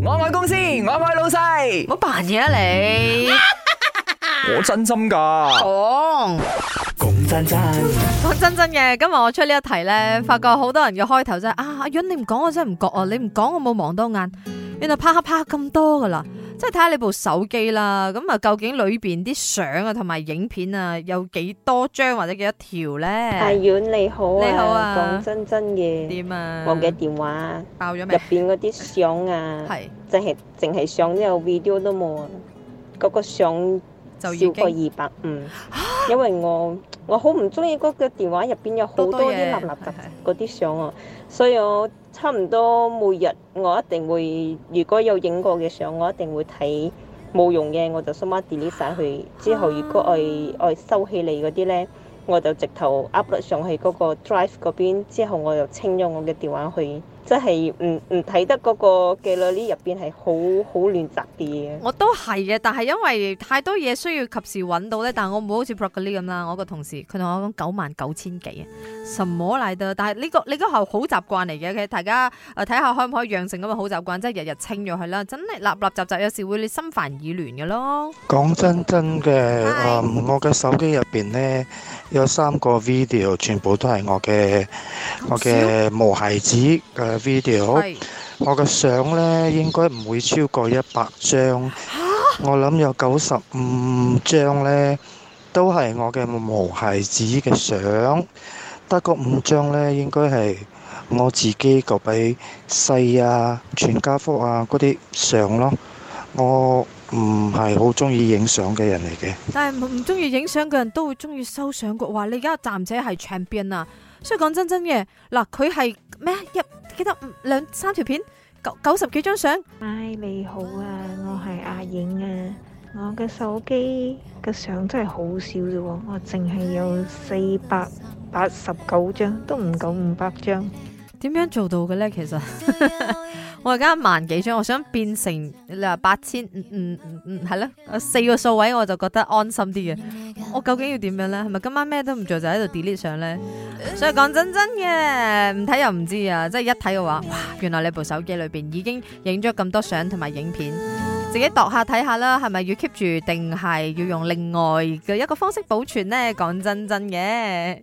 我愛公司，我愛老細。冇扮嘢啊。你， 我真心噶。講講、哦、公真真，講 真真嘅。今日我出呢一題咧，發覺好多人嘅開頭真係啊，阿潤你唔講我真係唔覺啊，你唔講我冇望到眼，原來啪啪啪咁多噶啦。即係睇下你部手機啦，咁、嗯、啊，究竟裏邊啲相啊同埋影片啊有幾多張或者幾多條咧？大院你好你好啊，講、啊、真真嘅，啊？我嘅電話爆咗，入邊嗰啲相啊，淨係淨係相有 video 都冇，嗰、嗰個相就少過二百五， 因為我。我好唔中意嗰個電話入邊有好多啲立立雜嗰啲相啊， 所以我差唔多每日我一定會，如果有影過嘅相，我一定會睇。冇用嘅，我就 so much delete 晒佢。之後如果我我收起你嗰啲咧，我就直頭 upload 上去嗰個 drive 嗰邊。之後我就清咗我嘅電話去。即係唔唔睇得嗰個記錄入邊係好好亂雜啲嘅。我都係嘅，但係因為太多嘢需要及時揾到咧，但係我唔會好似 block 嗰啲咁啦。我個同事佢同我講九萬九千幾啊，什麼嚟得？但係呢、呢個你、呢個係好習慣嚟嘅，其實大家誒睇下可唔可以養成咁嘅好習慣，即係日日清咗佢啦。真係立立雜雜，有時會你心煩意亂嘅咯。講真真嘅 Hi、嗯，我嘅手機入邊呢，有三個 video，全部都係我嘅 我嘅毛孩子 video，我嘅相咧應該唔會超過一百張，我諗有九十五張咧都係我嘅毛孩子嘅相，得嗰五張咧應該係我自己個比細啊全家福啊嗰啲相咯，我唔係好中意影相嘅人嚟嘅，但係唔中意影相嘅人都會中意收相嘅，哇！你而家暫時係 champion 啊，所以講真真嘅嗱，佢係咩一？記得兩三條片，九九十幾張相。唉、哎，你好啊，我係阿影啊。我嘅手機嘅相真係好少啫，我淨係有四百八十九張，都唔夠五百張。點樣做到嘅咧？其實 我而家萬幾張，我想變成你話八千，嗯嗯嗯嗯，係、嗯、咯，四個數位我就覺得安心啲嘅。我究竟要點樣咧？係咪今晚咩都唔做就喺度 delete 相咧？所以講真真嘅，唔睇又唔知啊！即係一睇嘅話，哇！原來你部手機裏邊已經影咗咁多相同埋影片，自己度下睇下啦，係咪要 keep 住，定係要用另外嘅一個方式保存呢？講真真嘅。